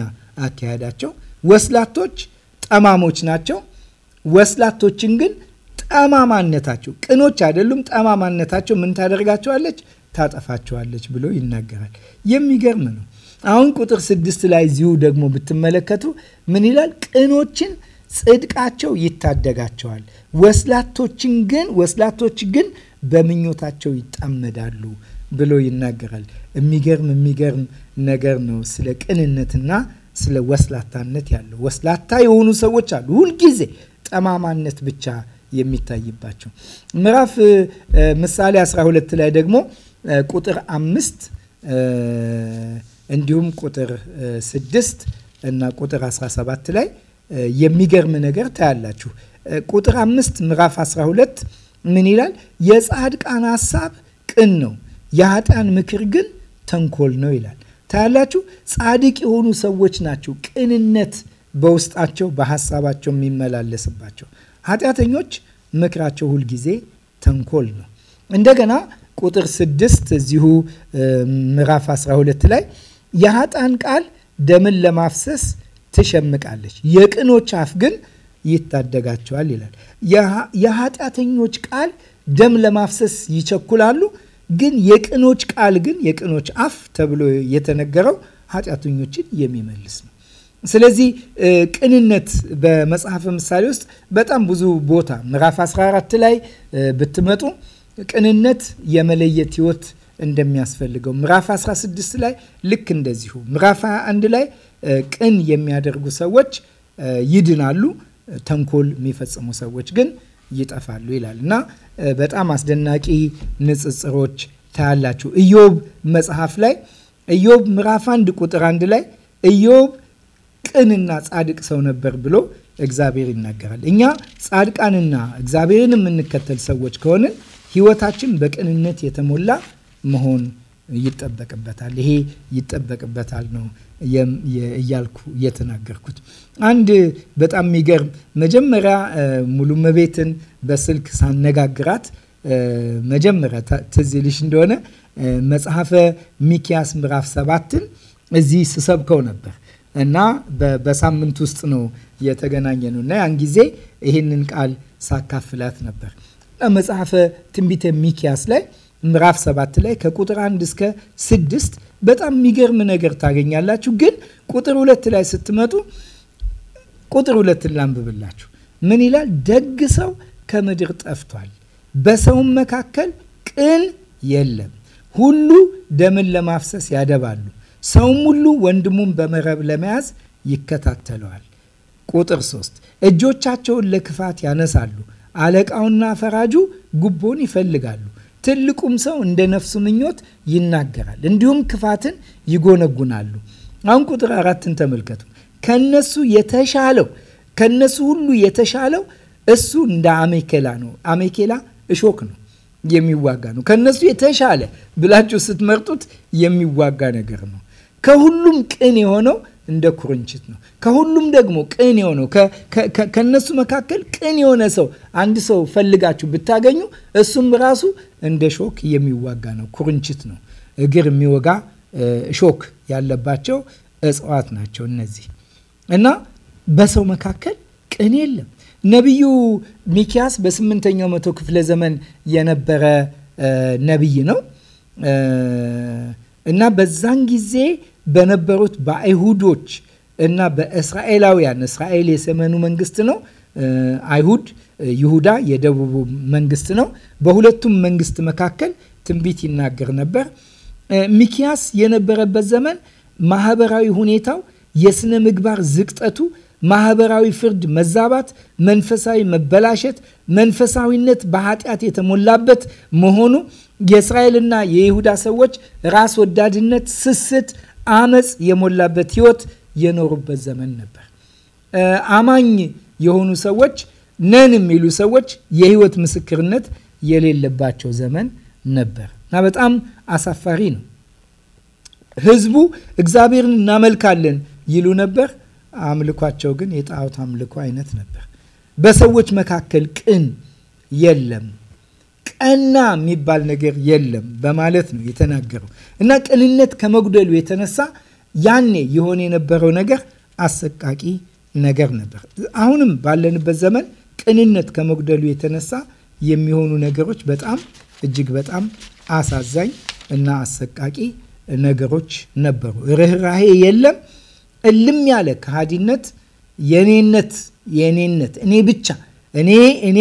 አካሄዳቸው፣ ወስላቶች ጠማሞች ናቸው። ወስላቶችን ግን ጠማማነታቸው ቅኖች አይደሉም፣ ጠማማነታቸው ምን ታደርጋቸዋለች? ታጠፋቸዋለች ብሎ ይናገራል። የሚገርም ነው። አሁን ቁጥር ስድስት ላይ እዚሁ ደግሞ ብትመለከቱ ምን ይላል? ቅኖችን ጽድቃቸው ይታደጋቸዋል፣ ወስላቶችን ግን ወስላቶች ግን በምኞታቸው ይጣመዳሉ ብሎ ይናገራል። የሚገርም የሚገርም ነገር ነው። ስለ ቅንነትና ስለ ወስላታነት ያለው ወስላታ የሆኑ ሰዎች አሉ። ሁልጊዜ ጠማማነት ብቻ የሚታይባቸው ምዕራፍ ምሳሌ 12 ላይ ደግሞ ቁጥር አምስት እንዲሁም ቁጥር ስድስት እና ቁጥር 17 ላይ የሚገርም ነገር ታያላችሁ። ቁጥር አምስት ምዕራፍ 12 ምን ይላል? የጻድቃን ሀሳብ ቅን ነው የኃጥአን ምክር ግን ተንኮል ነው ይላል። ታያላችሁ፣ ጻድቅ የሆኑ ሰዎች ናቸው ቅንነት በውስጣቸው በሀሳባቸው የሚመላለስባቸው። ኃጢአተኞች ምክራቸው ሁልጊዜ ተንኮል ነው። እንደገና ቁጥር ስድስት እዚሁ ምዕራፍ 12 ላይ የኃጥአን ቃል ደምን ለማፍሰስ ትሸምቃለች፣ የቅኖች አፍ ግን ይታደጋቸዋል ይላል። የኃጢአተኞች ቃል ደም ለማፍሰስ ይቸኩላሉ ግን የቅኖች ቃል ግን የቅኖች አፍ ተብሎ የተነገረው ኃጢአተኞችን የሚመልስ ነው። ስለዚህ ቅንነት በመጽሐፈ ምሳሌ ውስጥ በጣም ብዙ ቦታ ምዕራፍ 14 ላይ ብትመጡ ቅንነት የመለየት ህይወት እንደሚያስፈልገው፣ ምዕራፍ 16 ላይ ልክ እንደዚሁ፣ ምዕራፍ 21 ላይ ቅን የሚያደርጉ ሰዎች ይድናሉ፣ ተንኮል የሚፈጽሙ ሰዎች ግን ይጠፋሉ ይላል እና በጣም አስደናቂ ንጽጽሮች ታያላችሁ። ኢዮብ መጽሐፍ ላይ ኢዮብ ምዕራፍ አንድ ቁጥር አንድ ላይ ኢዮብ ቅንና ጻድቅ ሰው ነበር ብሎ እግዚአብሔር ይናገራል። እኛ ጻድቃንና እግዚአብሔርን የምንከተል ሰዎች ከሆንን ሕይወታችን በቅንነት የተሞላ መሆን ይጠበቅበታል። ይሄ ይጠበቅበታል ነው እያልኩ እየተናገርኩት አንድ በጣም የሚገርም መጀመሪያ ሙሉ መቤትን በስልክ ሳነጋግራት መጀመሪያ ትዝ ይልሽ እንደሆነ መጽሐፈ ሚኪያስ ምዕራፍ ሰባትን እዚህ ስሰብከው ነበር እና በሳምንት ውስጥ ነው የተገናኘ ነው እና ያን ጊዜ ይህንን ቃል ሳካፍላት ነበር እና መጽሐፈ ትንቢተ ሚኪያስ ላይ ምዕራፍ 7 ላይ ከቁጥር 1 እስከ 6 በጣም የሚገርም ነገር ታገኛላችሁ። ግን ቁጥር ሁለት ላይ ስትመጡ ቁጥር ሁለት ላንብብላችሁ። ምን ይላል? ደግ ሰው ከምድር ጠፍቷል፣ በሰውም መካከል ቅን የለም። ሁሉ ደምን ለማፍሰስ ያደባሉ፣ ሰውም ሁሉ ወንድሙን በመረብ ለመያዝ ይከታተለዋል። ቁጥር 3 እጆቻቸውን ለክፋት ያነሳሉ፣ አለቃውና ፈራጁ ጉቦን ይፈልጋሉ ትልቁም ሰው እንደ ነፍሱ ምኞት ይናገራል፣ እንዲሁም ክፋትን ይጎነጉናሉ። አሁን ቁጥር አራትን ተመልከቱ። ከነሱ የተሻለው ከነሱ ሁሉ የተሻለው እሱ እንደ አሜኬላ ነው። አሜኬላ እሾክ ነው፣ የሚዋጋ ነው። ከነሱ የተሻለ ብላችሁ ስትመርጡት የሚዋጋ ነገር ነው። ከሁሉም ቅን የሆነው እንደ ኩርንችት ነው። ከሁሉም ደግሞ ቅን የሆነው ከነሱ መካከል ቅን የሆነ ሰው አንድ ሰው ፈልጋችሁ ብታገኙ እሱም ራሱ እንደ ሾክ የሚዋጋ ነው። ኩርንችት ነው። እግር የሚወጋ ሾክ ያለባቸው እጽዋት ናቸው እነዚህ እና በሰው መካከል ቅን የለም። ነቢዩ ሚኪያስ በስምንተኛው መቶ ክፍለ ዘመን የነበረ ነቢይ ነው እና በዛን ጊዜ በነበሩት በአይሁዶች እና በእስራኤላውያን እስራኤል የሰሜኑ መንግስት ነው። አይሁድ ይሁዳ የደቡቡ መንግስት ነው። በሁለቱም መንግስት መካከል ትንቢት ይናገር ነበር። ሚኪያስ የነበረበት ዘመን ማህበራዊ ሁኔታው፣ የስነ ምግባር ዝቅጠቱ፣ ማህበራዊ ፍርድ መዛባት፣ መንፈሳዊ መበላሸት፣ መንፈሳዊነት በኃጢአት የተሞላበት መሆኑ የእስራኤልና የይሁዳ ሰዎች ራስ ወዳድነት፣ ስስት አመፅ የሞላበት ህይወት የኖሩበት ዘመን ነበር። አማኝ የሆኑ ሰዎች ነን የሚሉ ሰዎች የህይወት ምስክርነት የሌለባቸው ዘመን ነበር እና በጣም አሳፋሪ ነው። ህዝቡ እግዚአብሔርን እናመልካለን ይሉ ነበር። አምልኳቸው ግን የጣዖት አምልኮ አይነት ነበር። በሰዎች መካከል ቅን የለም ቀና የሚባል ነገር የለም በማለት ነው የተናገረው እና ቅንነት ከመጉደሉ የተነሳ ያኔ የሆነ የነበረው ነገር አሰቃቂ ነገር ነበር። አሁንም ባለንበት ዘመን ቅንነት ከመጉደሉ የተነሳ የሚሆኑ ነገሮች በጣም እጅግ በጣም አሳዛኝ እና አሰቃቂ ነገሮች ነበሩ። ርኅራሄ የለም። እልም ያለ ከሃዲነት፣ የኔነት የኔነት እኔ ብቻ እኔ እኔ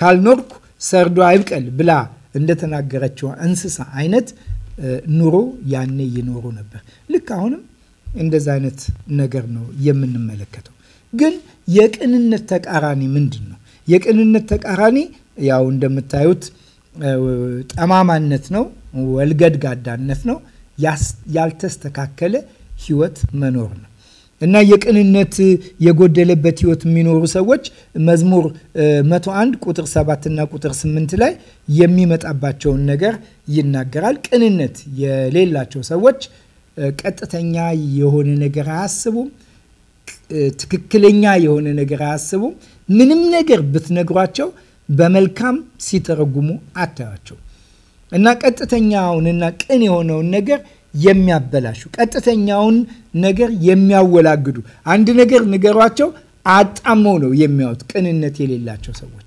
ካልኖርኩ ሰርዶ አይብቀል ብላ እንደተናገረችው እንስሳ አይነት ኑሮ ያኔ ይኖሩ ነበር። ልክ አሁንም እንደዛ አይነት ነገር ነው የምንመለከተው። ግን የቅንነት ተቃራኒ ምንድን ነው? የቅንነት ተቃራኒ ያው እንደምታዩት ጠማማነት ነው፣ ወልገድጋዳነት ነው፣ ያልተስተካከለ ህይወት መኖር ነው። እና የቅንነት የጎደለበት ህይወት የሚኖሩ ሰዎች መዝሙር 101 ቁጥር 7 እና ቁጥር 8 ላይ የሚመጣባቸውን ነገር ይናገራል። ቅንነት የሌላቸው ሰዎች ቀጥተኛ የሆነ ነገር አያስቡም። ትክክለኛ የሆነ ነገር አያስቡም። ምንም ነገር ብትነግሯቸው በመልካም ሲተረጉሙ አታያቸው እና ቀጥተኛውንና ቅን የሆነውን ነገር የሚያበላሹ፣ ቀጥተኛውን ነገር የሚያወላግዱ፣ አንድ ነገር ንገሯቸው አጣመው ነው የሚያዩት። ቅንነት የሌላቸው ሰዎች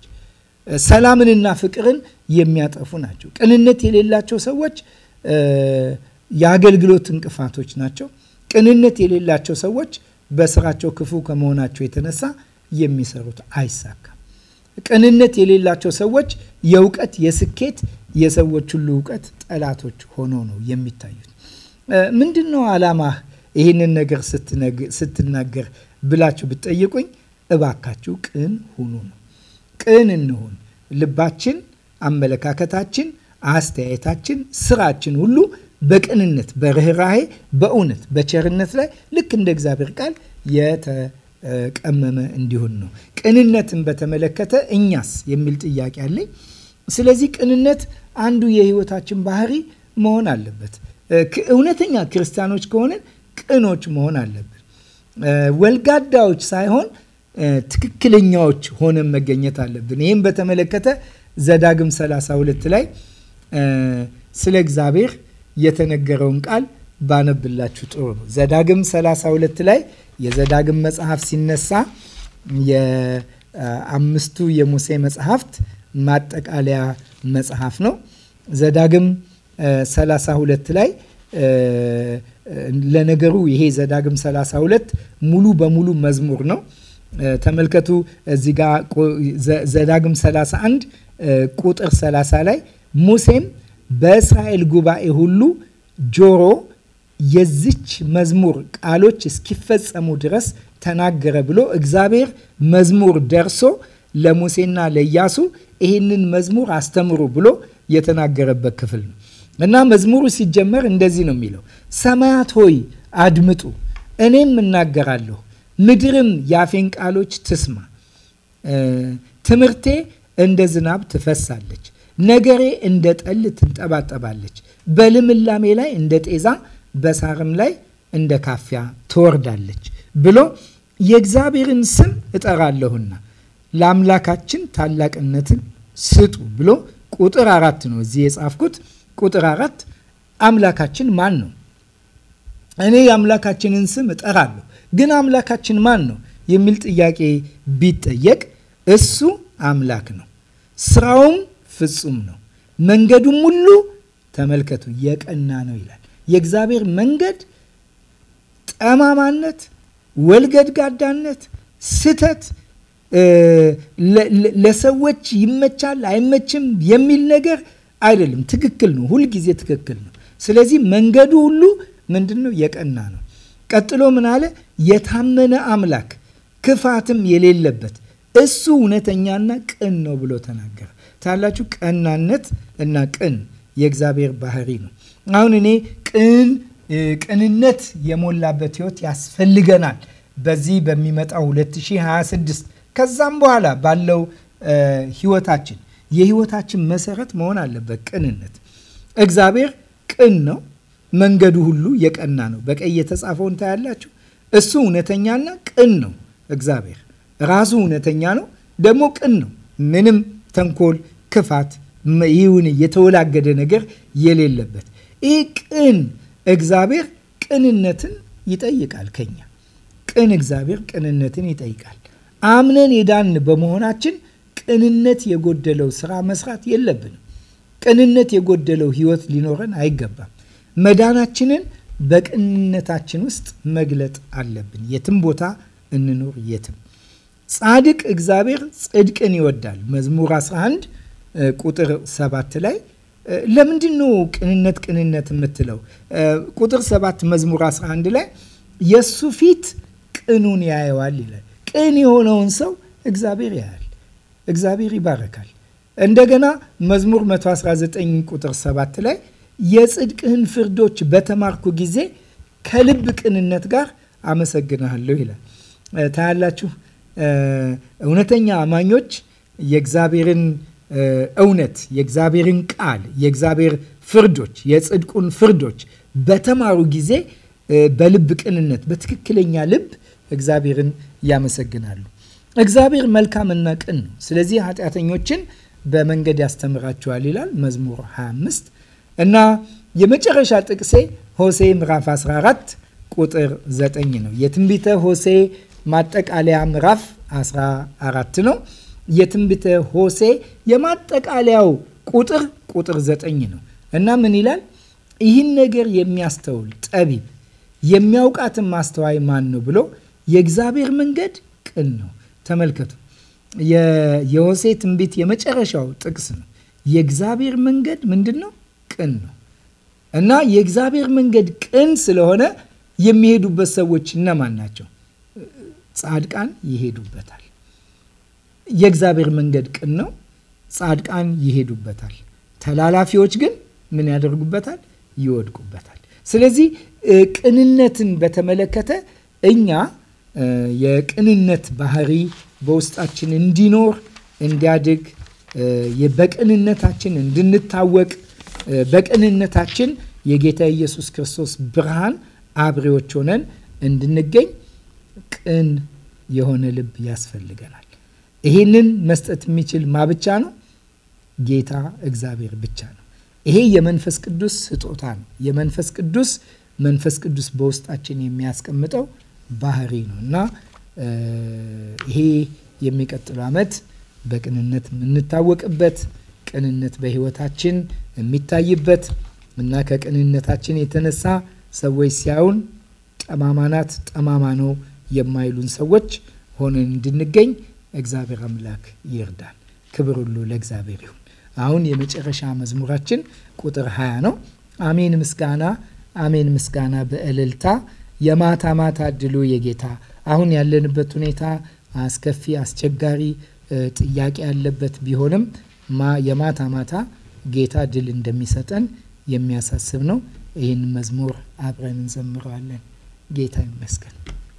ሰላምንና ፍቅርን የሚያጠፉ ናቸው። ቅንነት የሌላቸው ሰዎች የአገልግሎት እንቅፋቶች ናቸው። ቅንነት የሌላቸው ሰዎች በስራቸው ክፉ ከመሆናቸው የተነሳ የሚሰሩት አይሳካም። ቅንነት የሌላቸው ሰዎች የእውቀት፣ የስኬት የሰዎች ሁሉ እውቀት ጠላቶች ሆኖ ነው የሚታዩት። ምንድን ነው ዓላማህ ይህንን ነገር ስትናገር ብላችሁ ብትጠይቁኝ፣ እባካችሁ ቅን ሁኑ ነው። ቅን እንሁን። ልባችን፣ አመለካከታችን፣ አስተያየታችን፣ ስራችን ሁሉ በቅንነት፣ በርኅራሄ፣ በእውነት፣ በቸርነት ላይ ልክ እንደ እግዚአብሔር ቃል የተቀመመ እንዲሆን ነው። ቅንነትን በተመለከተ እኛስ የሚል ጥያቄ አለኝ። ስለዚህ ቅንነት አንዱ የህይወታችን ባህሪ መሆን አለበት። እውነተኛ ክርስቲያኖች ከሆንን ቅኖች መሆን አለብን። ወልጋዳዎች ሳይሆን ትክክለኛዎች ሆነን መገኘት አለብን። ይህም በተመለከተ ዘዳግም 32 ላይ ስለ እግዚአብሔር የተነገረውን ቃል ባነብላችሁ ጥሩ ነው። ዘዳግም 32 ላይ የዘዳግም መጽሐፍ ሲነሳ የአምስቱ የሙሴ መጽሐፍት ማጠቃለያ መጽሐፍ ነው። ዘዳግም 32 ላይ ለነገሩ ይሄ ዘዳግም 32 ሙሉ በሙሉ መዝሙር ነው። ተመልከቱ እዚህ ጋ ዘዳግም 31 ቁጥር 30 ላይ ሙሴም በእስራኤል ጉባኤ ሁሉ ጆሮ የዚች መዝሙር ቃሎች እስኪፈጸሙ ድረስ ተናገረ ብሎ እግዚአብሔር መዝሙር ደርሶ ለሙሴና ለኢያሱ ይህንን መዝሙር አስተምሩ ብሎ የተናገረበት ክፍል ነው። እና መዝሙሩ ሲጀመር እንደዚህ ነው የሚለው፣ ሰማያት ሆይ አድምጡ፣ እኔም እናገራለሁ፣ ምድርም የአፌን ቃሎች ትስማ። ትምህርቴ እንደ ዝናብ ትፈሳለች፣ ነገሬ እንደ ጠል ትንጠባጠባለች፣ በልምላሜ ላይ እንደ ጤዛ በሳርም ላይ እንደ ካፊያ ትወርዳለች ብሎ የእግዚአብሔርን ስም እጠራለሁና ለአምላካችን ታላቅነትን ስጡ ብሎ ቁጥር አራት ነው እዚህ የጻፍኩት ቁጥር አራት አምላካችን ማን ነው? እኔ የአምላካችንን ስም እጠራለሁ፣ ግን አምላካችን ማን ነው የሚል ጥያቄ ቢጠየቅ እሱ አምላክ ነው። ስራውም ፍጹም ነው፣ መንገዱም ሁሉ ተመልከቱ የቀና ነው ይላል። የእግዚአብሔር መንገድ ጠማማነት፣ ወልገድጋዳነት፣ ስተት ለሰዎች ይመቻል አይመችም የሚል ነገር አይደለም። ትክክል ነው። ሁልጊዜ ትክክል ነው። ስለዚህ መንገዱ ሁሉ ምንድን ነው? የቀና ነው። ቀጥሎ ምን አለ? የታመነ አምላክ ክፋትም የሌለበት እሱ እውነተኛና ቅን ነው ብሎ ተናገረ። ታላችሁ ቀናነት እና ቅን የእግዚአብሔር ባህሪ ነው። አሁን እኔ ቅን ቅንነት የሞላበት ህይወት ያስፈልገናል በዚህ በሚመጣው 2026 ከዛም በኋላ ባለው ህይወታችን የህይወታችን መሰረት መሆን አለበት። ቅንነት እግዚአብሔር ቅን ነው። መንገዱ ሁሉ የቀና ነው። በቀይ የተጻፈውን ታያላችሁ። እሱ እውነተኛና ቅን ነው። እግዚአብሔር ራሱ እውነተኛ ነው፣ ደግሞ ቅን ነው። ምንም ተንኮል፣ ክፋት ይሁን የተወላገደ ነገር የሌለበት ይህ ቅን እግዚአብሔር ቅንነትን ይጠይቃል። ከኛ ቅን እግዚአብሔር ቅንነትን ይጠይቃል። አምነን የዳን በመሆናችን ቅንነት የጎደለው ስራ መስራት የለብንም። ቅንነት የጎደለው ህይወት ሊኖረን አይገባም። መዳናችንን በቅንነታችን ውስጥ መግለጥ አለብን። የትም ቦታ እንኖር፣ የትም ጻድቅ እግዚአብሔር ጽድቅን ይወዳል። መዝሙር 11 ቁጥር 7 ላይ ለምንድን ነው ቅንነት ቅንነት የምትለው? ቁጥር 7 መዝሙር 11 ላይ የእሱ ፊት ቅኑን ያየዋል ይላል። ቅን የሆነውን ሰው እግዚአብሔር ያያል። እግዚአብሔር ይባረካል። እንደገና መዝሙር 119 ቁጥር 7 ላይ የጽድቅህን ፍርዶች በተማርኩ ጊዜ ከልብ ቅንነት ጋር አመሰግንሃለሁ ይላል። ታያላችሁ፣ እውነተኛ አማኞች የእግዚአብሔርን እውነት የእግዚአብሔርን ቃል የእግዚአብሔር ፍርዶች የጽድቁን ፍርዶች በተማሩ ጊዜ በልብ ቅንነት በትክክለኛ ልብ እግዚአብሔርን ያመሰግናሉ። እግዚአብሔር መልካምና ቅን ነው። ስለዚህ ኃጢአተኞችን በመንገድ ያስተምራቸዋል ይላል መዝሙር 25 እና የመጨረሻ ጥቅሴ ሆሴ ምዕራፍ 14 ቁጥር 9 ነው። የትንቢተ ሆሴ ማጠቃለያ ምዕራፍ 14 ነው። የትንቢተ ሆሴ የማጠቃለያው ቁጥር ቁጥር 9 ነው እና ምን ይላል? ይህን ነገር የሚያስተውል ጠቢብ የሚያውቃትን ማስተዋይ ማን ነው ብሎ የእግዚአብሔር መንገድ ቅን ነው ተመልከቱ። የሆሴ ትንቢት የመጨረሻው ጥቅስ ነው። የእግዚአብሔር መንገድ ምንድን ነው? ቅን ነው እና የእግዚአብሔር መንገድ ቅን ስለሆነ የሚሄዱበት ሰዎች እነማን ናቸው? ጻድቃን ይሄዱበታል። የእግዚአብሔር መንገድ ቅን ነው፣ ጻድቃን ይሄዱበታል። ተላላፊዎች ግን ምን ያደርጉበታል? ይወድቁበታል። ስለዚህ ቅንነትን በተመለከተ እኛ የቅንነት ባህሪ በውስጣችን እንዲኖር እንዲያድግ በቅንነታችን እንድንታወቅ በቅንነታችን የጌታ ኢየሱስ ክርስቶስ ብርሃን አብሬዎች ሆነን እንድንገኝ ቅን የሆነ ልብ ያስፈልገናል። ይሄንን መስጠት የሚችል ማ ብቻ ነው? ጌታ እግዚአብሔር ብቻ ነው። ይሄ የመንፈስ ቅዱስ ስጦታ ነው። የመንፈስ ቅዱስ መንፈስ ቅዱስ በውስጣችን የሚያስቀምጠው ባህሪ ነው እና ይሄ የሚቀጥለው ዓመት በቅንነት የምንታወቅበት ቅንነት በህይወታችን የሚታይበት እና ከቅንነታችን የተነሳ ሰዎች ሲያዩን ጠማማ ናት፣ ጠማማ ነው የማይሉን ሰዎች ሆነን እንድንገኝ እግዚአብሔር አምላክ ይርዳል። ክብር ሁሉ ለእግዚአብሔር ይሁን። አሁን የመጨረሻ መዝሙራችን ቁጥር 20 ነው። አሜን ምስጋና አሜን ምስጋና በእልልታ የማታ ማታ እድሉ የጌታ አሁን ያለንበት ሁኔታ አስከፊ፣ አስቸጋሪ፣ ጥያቄ ያለበት ቢሆንም የማታ ማታ ጌታ ድል እንደሚሰጠን የሚያሳስብ ነው። ይህን መዝሙር አብረን እንዘምረዋለን። ጌታ ይመስገን።